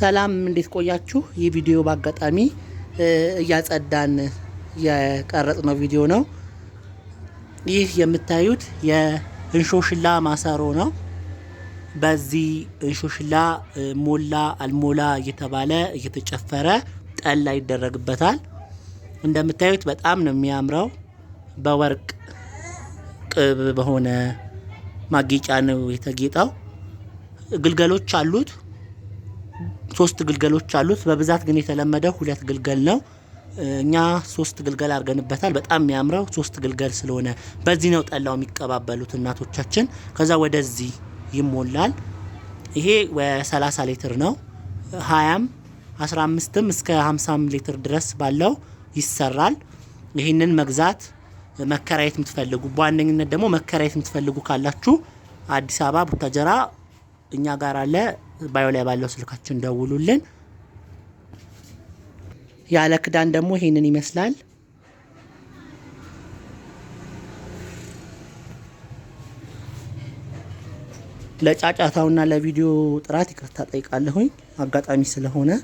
ሰላም እንዴት ቆያችሁ? ይህ ቪዲዮ በአጋጣሚ እያጸዳን የቀረጽነው ቪዲዮ ነው። ይህ የምታዩት የእንሾሽላ ማሰሮ ነው። በዚህ እንሾሽላ ሞላ አልሞላ እየተባለ እየተጨፈረ ጠላ ይደረግበታል። እንደምታዩት በጣም ነው የሚያምረው። በወርቅ ቅብ በሆነ ማጌጫ ነው የተጌጠው። ግልገሎች አሉት። ሶስት ግልገሎች አሉት። በብዛት ግን የተለመደው ሁለት ግልገል ነው። እኛ ሶስት ግልገል አድርገንበታል። በጣም የሚያምረው ሶስት ግልገል ስለሆነ በዚህ ነው ጠላው የሚቀባበሉት እናቶቻችን። ከዛ ወደዚህ ይሞላል። ይሄ ወ30 ሊትር ነው። 20ም 15ም እስከ 50 ሊትር ድረስ ባለው ይሰራል። ይህንን መግዛት መከራየት የምትፈልጉ በዋነኝነት ደግሞ መከራየት የምትፈልጉ ካላችሁ አዲስ አበባ ቡታጀራ እኛ ጋር አለ። ባዮ ላይ ባለው ስልካችን ደውሉልን። ያለ ክዳን ደግሞ ይሄንን ይመስላል። ለጫጫታውና ለቪዲዮ ጥራት ይቅርታ ጠይቃለሁኝ አጋጣሚ ስለሆነ